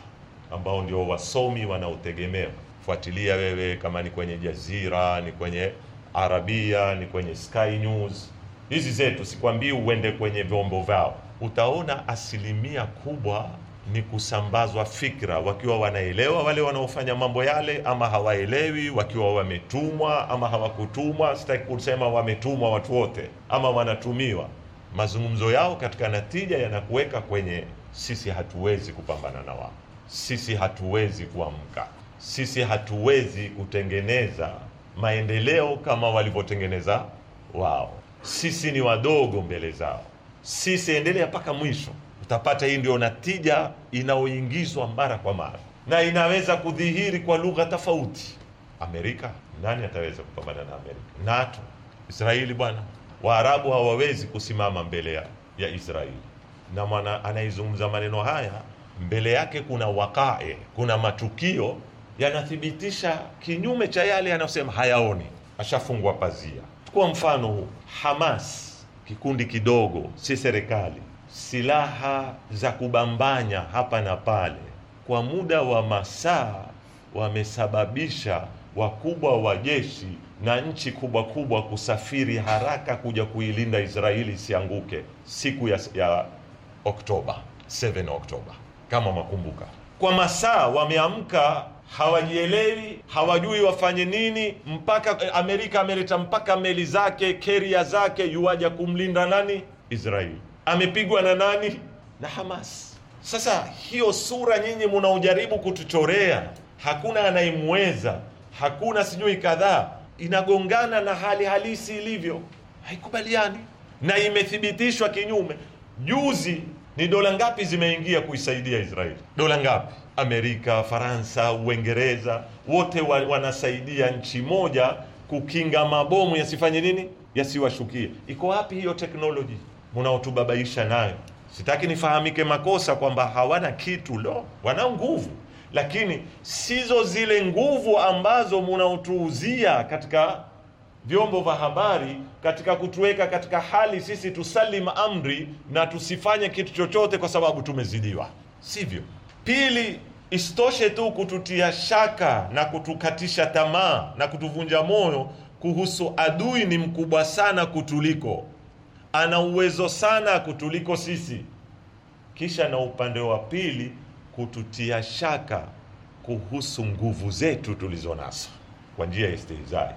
ambao ndio wasomi wanaotegemewa, fuatilia wewe, kama ni kwenye Jazira, ni kwenye Arabia, ni kwenye Sky News hizi zetu, sikwambii uende kwenye vyombo vyao, utaona asilimia kubwa ni kusambazwa fikra, wakiwa wanaelewa wale wanaofanya mambo yale, ama hawaelewi, wakiwa wametumwa ama hawakutumwa. Sitaki kusema wametumwa watu wote ama wanatumiwa. Mazungumzo yao katika natija yanakuweka kwenye sisi hatuwezi kupambana na wao, sisi hatuwezi kuamka, sisi hatuwezi kutengeneza maendeleo kama walivyotengeneza wao, sisi ni wadogo mbele zao, sisi endelea mpaka mwisho utapata hii ndio natija inayoingizwa mara kwa mara na inaweza kudhihiri kwa lugha tofauti. Amerika, nani ataweza kupambana na Amerika? NATO, Israeli bwana, Waarabu hawawezi kusimama mbele ya, ya Israeli na mwana anaizungumza maneno haya mbele yake kuna wakae, kuna matukio yanathibitisha kinyume cha yale yanayosema, hayaoni, ashafungwa pazia. Kwa mfano huu Hamas, kikundi kidogo, si serikali silaha za kubambanya hapa na pale kwa muda wa masaa wamesababisha wakubwa wa jeshi na nchi kubwa kubwa kusafiri haraka kuja kuilinda Israeli isianguke siku ya, ya Oktoba 7 Oktoba, kama makumbuka. Kwa masaa wameamka, hawajielewi, hawajui wafanye nini, mpaka eh, Amerika ameleta mpaka meli zake, keria zake, yuaja kumlinda nani? Israeli amepigwa na nani? Na Hamas. Sasa hiyo sura nyinyi munaojaribu kutuchorea, hakuna anayemweza, hakuna sijui kadhaa, inagongana na hali halisi ilivyo, haikubaliani na imethibitishwa kinyume. Juzi ni dola ngapi zimeingia kuisaidia Israeli? Dola ngapi? Amerika, Faransa, Uingereza wote wa, wanasaidia nchi moja kukinga mabomu yasifanye nini, yasiwashukie. Iko wapi hiyo teknoloji? mnaotubabaisha nayo. Sitaki nifahamike makosa kwamba hawana kitu, lo, wana nguvu, lakini sizo zile nguvu ambazo munaotuuzia katika vyombo vya habari katika kutuweka katika hali sisi tusalim amri na tusifanye kitu chochote kwa sababu tumezidiwa, sivyo? Pili, isitoshe tu kututia shaka na kutukatisha tamaa na kutuvunja moyo kuhusu adui ni mkubwa sana kutuliko ana uwezo sana kutuliko sisi, kisha na upande wa pili kututia shaka kuhusu nguvu zetu tulizo nazo kwa njia ya istihzai.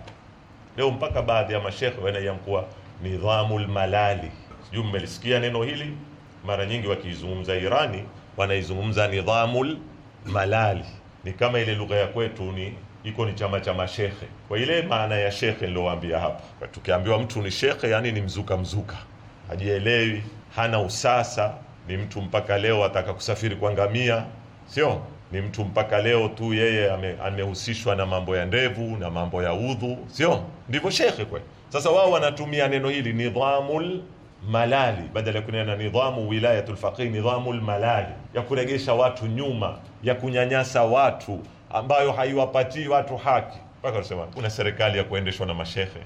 Leo mpaka baadhi ya mashekhe wanaiamkuwa nidhamu malali, sijui mmelisikia neno hili mara nyingi wakiizungumza Irani wanaizungumza nidhamu malali, ni kama ile lugha ya kwetu ni iko ni chama cha mashehe, kwa ile maana ya shehe nilowaambia hapa. Tukiambiwa mtu ni shehe, yani ni mzuka mzuka, hajielewi, hana usasa, ni mtu mpaka leo ataka kusafiri kwa ngamia, sio ni mtu mpaka leo tu yeye amehusishwa ame na mambo ya ndevu na mambo ya udhu, sio ndivyo shekhe kwe. Sasa wao wanatumia neno hili nidhamul malali badala ya kunena nidhamu wilayatul faqih, nidhamul malali ya kuregesha watu nyuma, ya kunyanyasa watu ambayo haiwapatii watu haki. Mpaka unasema kuna serikali ya kuendeshwa na mashehe,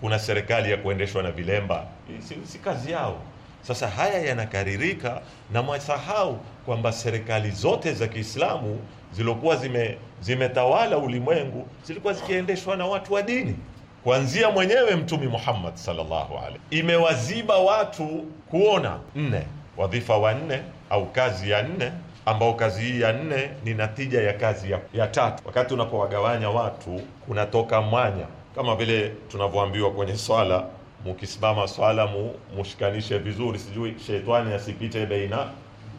kuna serikali ya kuendeshwa na vilemba, si, si kazi yao. Sasa haya yanakaririka na mwasahau kwamba serikali zote za Kiislamu zilokuwa zime zimetawala ulimwengu zilikuwa zikiendeshwa na watu wa dini, kuanzia mwenyewe Mtume Muhammad sallallahu alaihi. Imewaziba watu kuona nne, wadhifa wa nne au kazi ya nne ambao kazi hii ya nne ni natija ya kazi ya, ya tatu. Wakati unapowagawanya watu kunatoka mwanya, kama vile tunavyoambiwa kwenye swala, mukisimama swala mu, mushikanishe vizuri, sijui sheitani asipite baina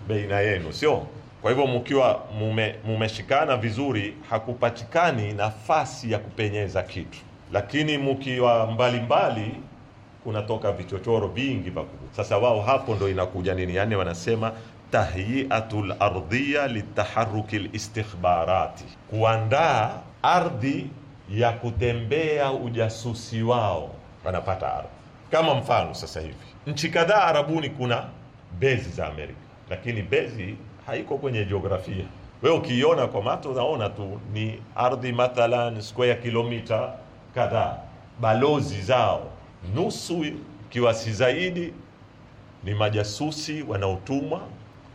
baina yenu, sio? Kwa hivyo mkiwa mume, mumeshikana vizuri, hakupatikani nafasi ya kupenyeza kitu, lakini mkiwa mbalimbali kunatoka vichochoro vingi pakubwa. Sasa wao hapo ndo inakuja nini, yani wanasema tahyiatul ardhiya litaharuki listikhbarati, kuandaa ardhi ya kutembea ujasusi wao, wanapata ardhi kama mfano. Sasa hivi nchi kadhaa Arabuni kuna bezi za Amerika, lakini bezi haiko kwenye jiografia. Wewe ukiiona kwa mato unaona tu ni ardhi mathalan square kilomita kadhaa. Balozi zao nusu, ikiwa si zaidi, ni majasusi wanaotumwa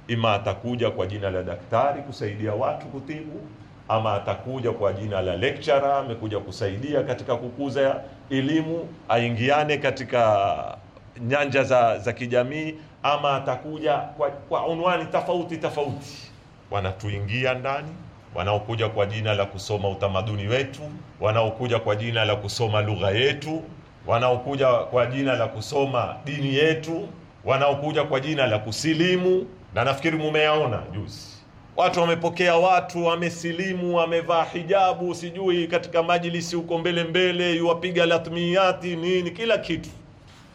ima atakuja kwa jina la daktari kusaidia watu kutibu, ama atakuja kwa jina la lecturer, amekuja kusaidia katika kukuza elimu, aingiane katika nyanja za, za kijamii, ama atakuja kwa, kwa unwani tofauti tofauti. Wanatuingia ndani wanaokuja kwa jina la kusoma utamaduni wetu, wanaokuja kwa jina la kusoma lugha yetu, wanaokuja kwa jina la kusoma dini yetu wanaokuja kwa jina la kusilimu, na nafikiri mumeaona juzi watu wamepokea, watu wamesilimu, wamevaa hijabu, sijui katika majlisi huko mbele mbele, yuwapiga latmiyati nini, kila kitu.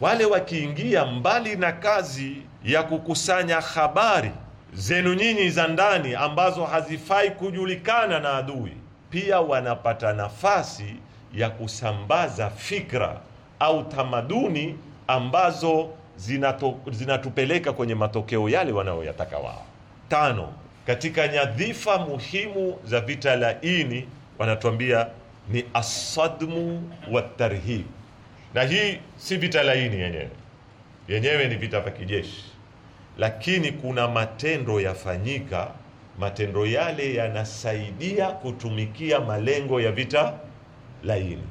Wale wakiingia, mbali na kazi ya kukusanya habari zenu nyinyi za ndani ambazo hazifai kujulikana na adui, pia wanapata nafasi ya kusambaza fikra au tamaduni ambazo zinato, zinatupeleka kwenye matokeo yale wanayoyataka wao. Tano, katika nyadhifa muhimu za vita laini wanatuambia ni asadmu wa tarhib, na hii si vita laini yenyewe, yenyewe ni vita vya kijeshi, lakini kuna matendo yafanyika, matendo yale yanasaidia kutumikia malengo ya vita laini,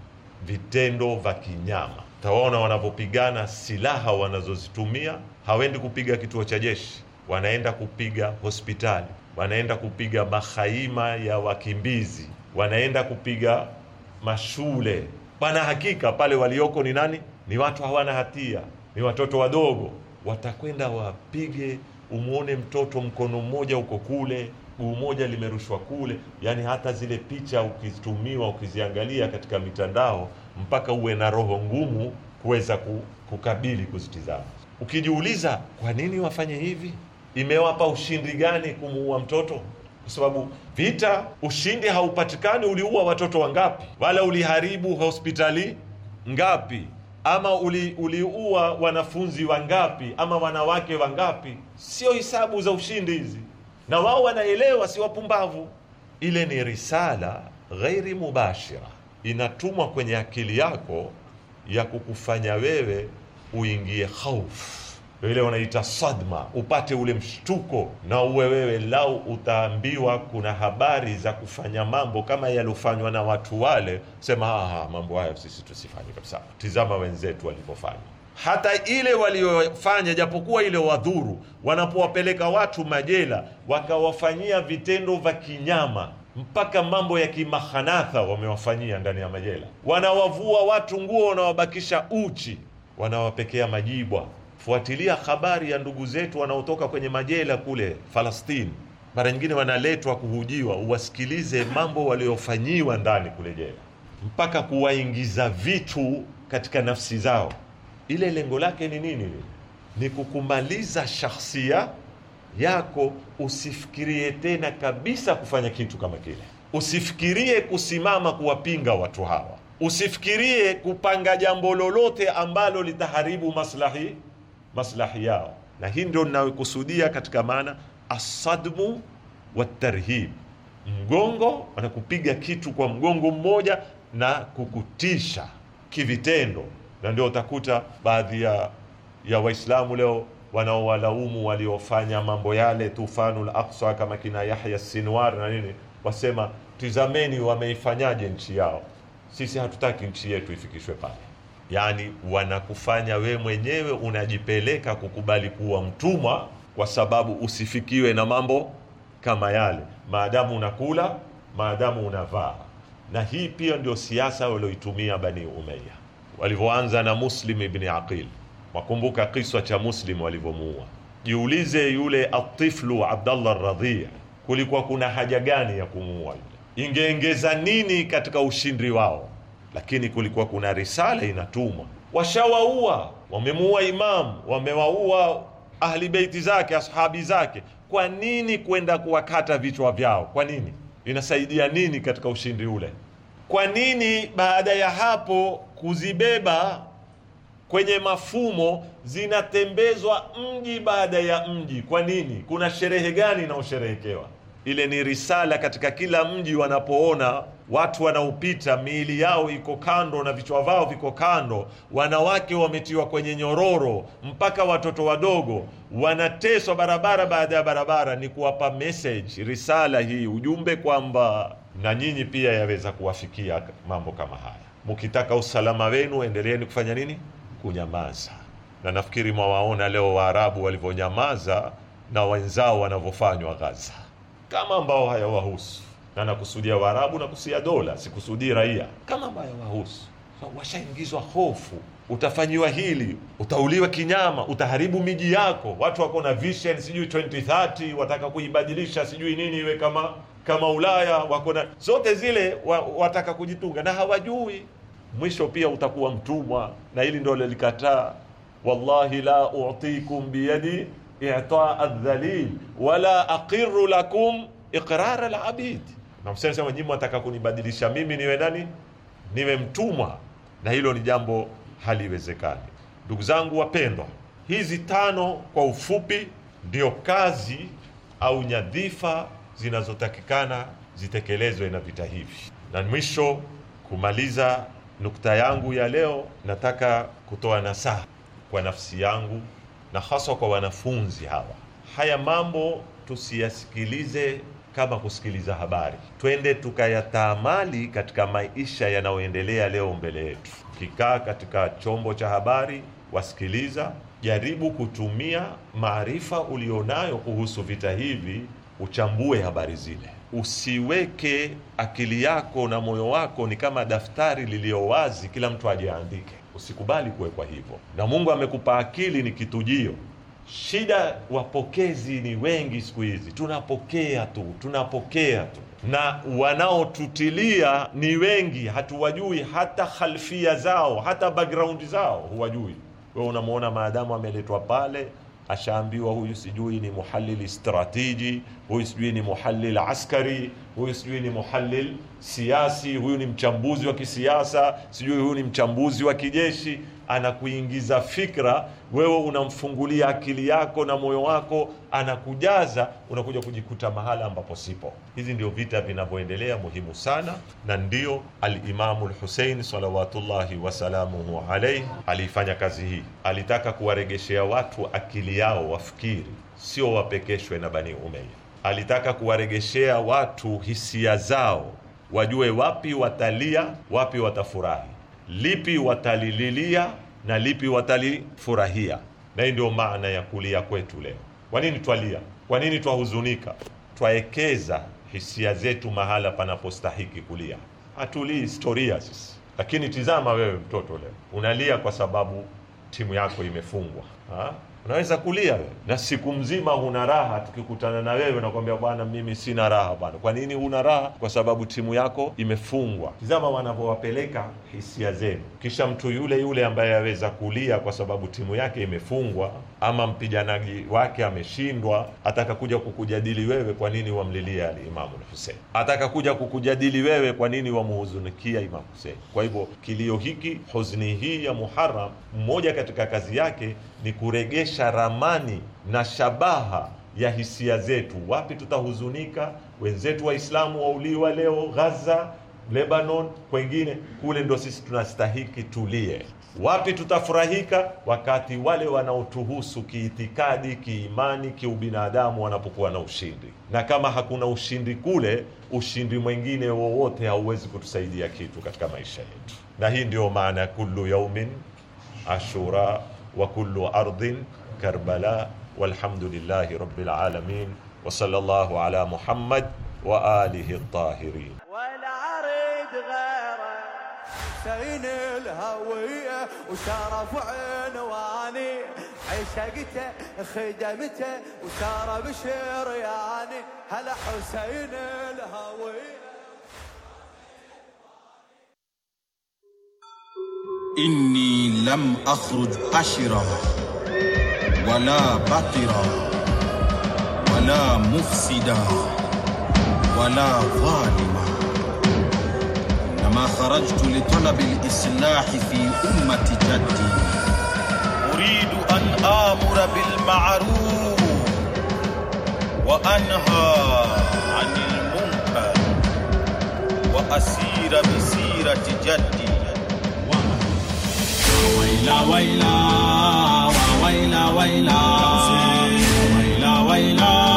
vitendo vya kinyama Utaona wanapopigana silaha wanazozitumia hawendi kupiga kituo cha jeshi, wanaenda kupiga hospitali, wanaenda kupiga mahaima ya wakimbizi, wanaenda kupiga mashule. Pana hakika pale walioko ni nani? Ni watu hawana hatia, ni watoto wadogo. Watakwenda wapige, umwone mtoto mkono mmoja uko kule guu moja limerushwa kule, yani hata zile picha ukitumiwa, ukiziangalia katika mitandao, mpaka uwe na roho ngumu kuweza kukabili kuzitizama. Ukijiuliza, kwa nini wafanye hivi? Imewapa ushindi gani kumuua mtoto? Kwa sababu vita ushindi haupatikani. Uliua watoto wangapi? Wala uliharibu hospitali ngapi? Ama uli, uliua wanafunzi wangapi? Ama wanawake wangapi? Sio hisabu za ushindi hizi na wao wanaelewa, si wapumbavu. Ile ni risala ghairi mubashira, inatumwa kwenye akili yako ya kukufanya wewe uingie khaufu ile wanaita sadma, upate ule mshtuko na uwe wewe, lau utaambiwa kuna habari za kufanya mambo kama yaliofanywa na watu wale, sema ah, mambo hayo sisi tusifanye kabisa, tizama wenzetu walivyofanya hata ile waliofanya japokuwa ile wadhuru, wanapowapeleka watu majela wakawafanyia vitendo vya kinyama mpaka mambo ya kimahanatha wamewafanyia ndani ya majela. Wanawavua watu nguo, wanawabakisha uchi, wanawapekea majibwa. Fuatilia habari ya ndugu zetu wanaotoka kwenye majela kule Falastini, mara nyingine wanaletwa kuhujiwa, uwasikilize mambo waliofanyiwa ndani kule jela, mpaka kuwaingiza vitu katika nafsi zao ile lengo lake ni nini? Ni kukumaliza shakhsia yako, usifikirie tena kabisa kufanya kitu kama kile, usifikirie kusimama kuwapinga watu hawa, usifikirie kupanga jambo lolote ambalo litaharibu maslahi maslahi yao. Na hii ndio ninayokusudia katika maana asadmu watarhib, mgongo, wanakupiga kitu kwa mgongo mmoja na kukutisha kivitendo na ndio utakuta baadhi ya, ya Waislamu leo wanaowalaumu waliofanya mambo yale al Aqsa kama kina Yahya Sinwar na nini, wasema tizameni wameifanyaje nchi yao, sisi hatutaki nchi yetu ifikishwe pale. Yaani wanakufanya we mwenyewe unajipeleka kukubali kuwa mtumwa, kwa sababu usifikiwe na mambo kama yale, maadamu unakula, maadamu unavaa. Na hii pia ndio siasa walioitumia Bani Umayya walivyoanza na Muslim ibn Aqil. Wakumbuka kiswa cha Muslim walivyomuua. Jiulize yule atiflu Abdallah Radhi, kulikuwa kuna haja gani ya kumuua yule? Ingeongeza nini katika ushindi wao? Lakini kulikuwa kuna risala inatumwa, washawaua, wamemuua imamu, wamewaua ahli beiti zake, ashabi zake. Kwa nini kwenda kuwakata vichwa vyao? Kwa nini? Inasaidia nini katika ushindi ule? Kwa nini baada ya hapo kuzibeba kwenye mafumo zinatembezwa mji baada ya mji? Kwa nini? Kuna sherehe gani inaosherehekewa Ile ni risala katika kila mji. Wanapoona watu wanaopita, miili yao iko kando na vichwa vao viko kando, wanawake wametiwa kwenye nyororo, mpaka watoto wadogo wanateswa barabara baada ya barabara, ni kuwapa message, risala hii, ujumbe kwamba na nyinyi pia yaweza kuwafikia mambo kama haya. Mkitaka usalama wenu, endeleeni kufanya nini? Kunyamaza. Na nafikiri mwawaona leo Waarabu walivyonyamaza na wenzao wanavyofanywa Gaza, kama ambao hayawahusu. Na nakusudia Waarabu na kusudia dola, sikusudii raia, kama ambao hayawahusu. So, washaingizwa hofu, utafanyiwa hili, utauliwa kinyama, utaharibu miji yako. Watu wako na vision sijui 2030 wataka kuibadilisha sijui nini iwe kama kama Ulaya wako na zote zile wa, wataka kujitunga na hawajui, mwisho pia utakuwa mtumwa, na hili ndio lilikataa, wallahi la utikum biyadi i'taa adh-dhalil wala aqirru lakum iqrar al-abid. Na Hussein sema nyinyi mtaka kunibadilisha mimi niwe nani? Niwe mtumwa, na hilo ni jambo haliwezekani. Ndugu zangu wapendwa, hizi tano kwa ufupi ndio kazi au nyadhifa zinazotakikana zitekelezwe na vita hivi. Na mwisho kumaliza nukta yangu ya leo, nataka kutoa nasaha kwa nafsi yangu na haswa kwa wanafunzi hawa. Haya mambo tusiyasikilize kama kusikiliza habari, twende tukayatamali katika maisha yanayoendelea leo mbele yetu. Ukikaa katika chombo cha habari, wasikiliza, jaribu kutumia maarifa ulionayo kuhusu vita hivi uchambue habari zile, usiweke akili yako na moyo wako ni kama daftari liliyo wazi, kila mtu ajiandike. Usikubali kuwekwa hivyo, na Mungu amekupa akili, ni kitujio. Shida wapokezi ni wengi siku hizi, tunapokea tu, tunapokea tu, na wanaotutilia ni wengi, hatuwajui hata khalfia zao, hata background zao huwajui. Wewe unamwona maadamu ameletwa pale ashaambiwa huyu sijui ni muhalil stratiji huyu sijui ni muhalil askari, huyu sijui ni muhalil siasi, huyu ni mchambuzi wa kisiasa, sijui huyu ni mchambuzi wa kijeshi, anakuingiza fikra wewe unamfungulia akili yako na moyo wako, anakujaza, unakuja kujikuta mahala ambapo sipo. Hizi ndio vita vinavyoendelea muhimu sana, na ndio Alimamu Lhusein salawatullahi wasalamuhu alaihi aliifanya kazi hii. Alitaka kuwaregeshea watu akili yao wafikiri, sio wapekeshwe na Bani umeya Alitaka kuwaregeshea watu hisia zao, wajue wapi watalia, wapi watafurahi, lipi watalililia na lipi watalifurahia. Na hii ndio maana ya kulia kwetu leo. Kwa nini twalia? Kwa nini twahuzunika? Twaekeza hisia zetu mahala panapostahiki kulia. Hatulii historia sisi. Lakini tizama wewe, mtoto leo unalia kwa sababu timu yako imefungwa ha? unaweza kulia we, na siku mzima huna raha. Tukikutana na wewe nakwambia bwana, mimi sina raha bwana. Kwa nini huna raha? Kwa sababu timu yako imefungwa. Tizama wanavyowapeleka hisia zenu, kisha mtu yule yule ambaye aweza kulia kwa sababu timu yake imefungwa ama mpiganaji wake ameshindwa, atakakuja kukujadili wewe, kwa nini wamlilia Alimamu Lhusein? Atakakuja kukujadili wewe, kwa nini wamhuzunikia Imamu Husein? Kwa hivyo kilio hiki, huzuni hii ya Muharam, mmoja katika kazi yake ni kuregesha ramani na shabaha ya hisia zetu. Wapi tutahuzunika? Wenzetu Waislamu wauliwa leo Gaza, Lebanon, kwengine kule, ndo sisi tunastahiki tulie. Wapi tutafurahika? Wakati wale wanaotuhusu kiitikadi, kiimani, kiubinadamu wanapokuwa na ushindi. Na kama hakuna ushindi kule, ushindi mwingine wowote hauwezi kutusaidia kitu katika maisha yetu. Na hii ndio maana ya kullu yaumin ashura wa kullu ardhin karbala walhamdulillahi rabbil alamin wa sallallahu ala Muhammad wa alihi tahirin. حسين الهوية وشرف عنواني عشقته خدمته وسار بشرياني هلا حسين الهوية إني لم أخرج قشرا ولا بطرا ولا مفسدا ولا ظالما كما خرجت لطلب الإصلاح في أمة جدي أريد أن آمر بالمعروف وأنهى عن المنكر وأسير بسيرة جدي ويلا ويلا ويلا ويلا ويلا ويلا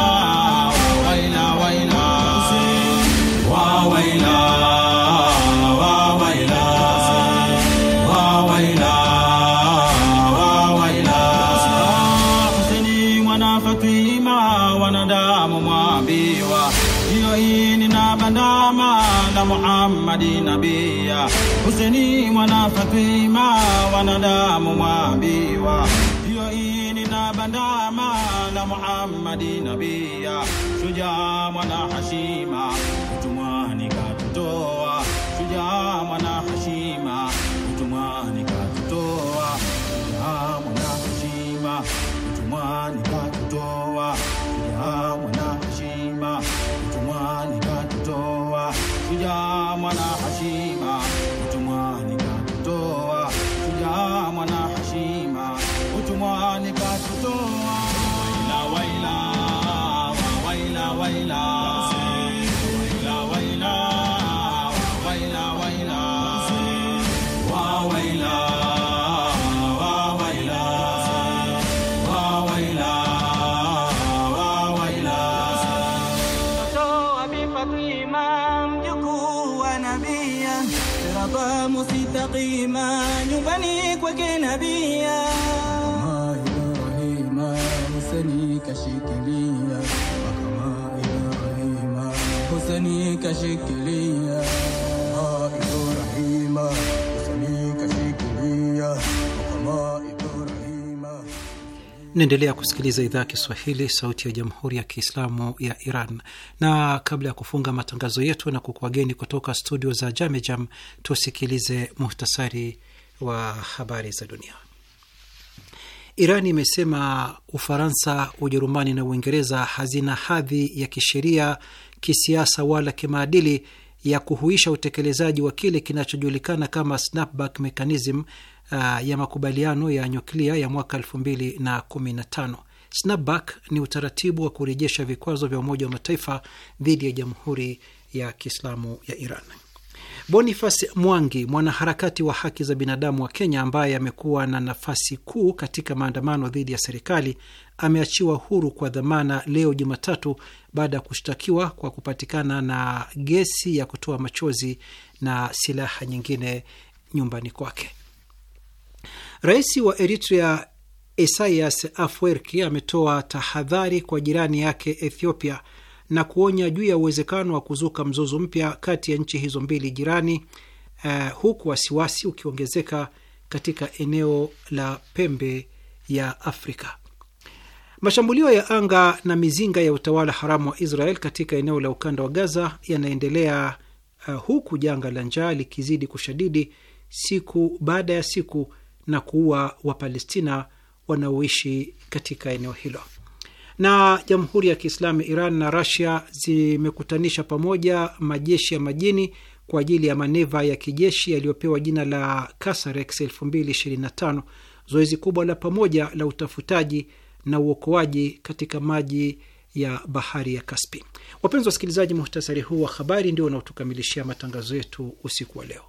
sitaqi you nyumbani kwake nabia Huseni kashikilia Huseni kashikilia Naendelea kusikiliza idhaa ya Kiswahili, sauti ya jamhuri ya kiislamu ya Iran. Na kabla ya kufunga matangazo yetu na kukuageni kutoka studio za Jamejam, tusikilize muhtasari wa habari za dunia. Iran imesema Ufaransa, Ujerumani na Uingereza hazina hadhi ya kisheria, kisiasa wala kimaadili ya kuhuisha utekelezaji wa kile kinachojulikana kama snapback mechanism uh, ya makubaliano ya nyuklia ya mwaka tano. Snapback ni utaratibu wa kurejesha vikwazo vya Umoja wa Mataifa dhidi ya Jamhuri ya Kiislamu ya Iran. Boniface Mwangi, mwanaharakati wa haki za binadamu wa Kenya ambaye amekuwa na nafasi kuu katika maandamano dhidi ya serikali, ameachiwa huru kwa dhamana leo Jumatatu baada ya kushtakiwa kwa kupatikana na gesi ya kutoa machozi na silaha nyingine nyumbani kwake. Rais wa Eritrea Isaias Afwerki ametoa tahadhari kwa jirani yake Ethiopia na kuonya juu ya uwezekano wa kuzuka mzozo mpya kati ya nchi hizo mbili jirani, uh, huku wasiwasi ukiongezeka katika eneo la pembe ya Afrika. Mashambulio ya anga na mizinga ya utawala haramu wa Israel katika eneo la ukanda wa Gaza yanaendelea, uh, huku janga la njaa likizidi kushadidi siku baada ya siku na kuua Wapalestina wanaoishi katika eneo hilo. Na Jamhuri ya Kiislamu Iran na Rasia zimekutanisha pamoja majeshi ya majini kwa ajili ya maneva ya kijeshi yaliyopewa jina la Kasarex 2025, zoezi kubwa la pamoja la utafutaji na uokoaji katika maji ya bahari ya Kaspi. Wapenzi wasikilizaji, muhtasari huu wa habari ndio unaotukamilishia matangazo yetu usiku wa leo.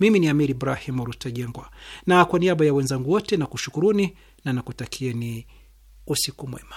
Mimi ni Amir Ibrahim Rutajengwa, na kwa niaba ya wenzangu wote na kushukuruni na nakutakieni usiku mwema.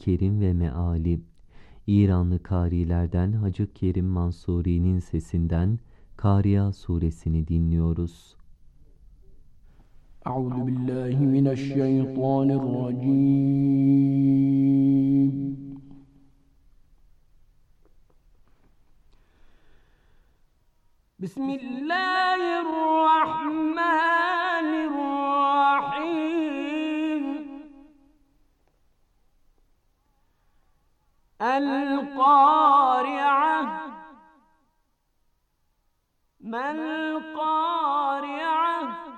Kerim ve Meali İranlı karilerden Hacı Kerim Mansuri'nin sesinden Kariya suresini dinliyoruz. Euzu billahi mineşşeytanirracim. Bismillahirrahmanirrahim. القارعة ما القارعة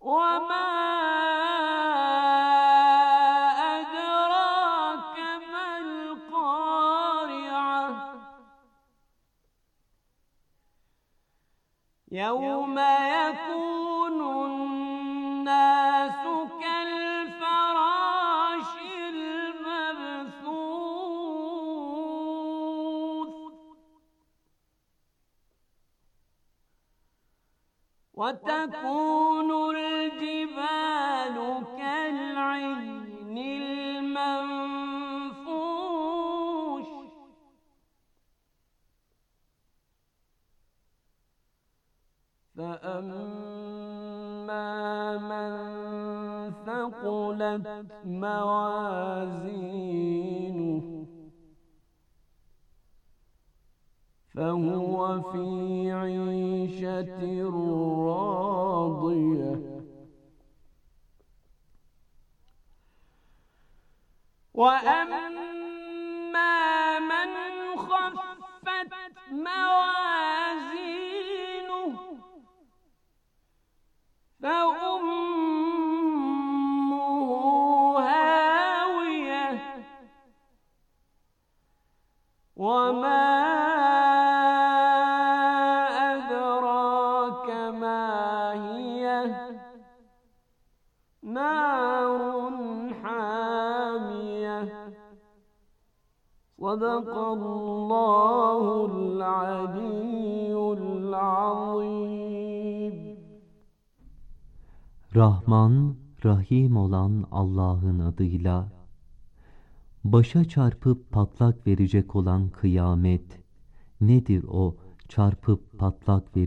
وما أدراك ما القارعة يوم يكون وتكون الجبال كالعين المنفوش فأما من ثقلت Taşa çarpıp patlak verecek olan kıyamet, nedir o çarpıp patlak verecek?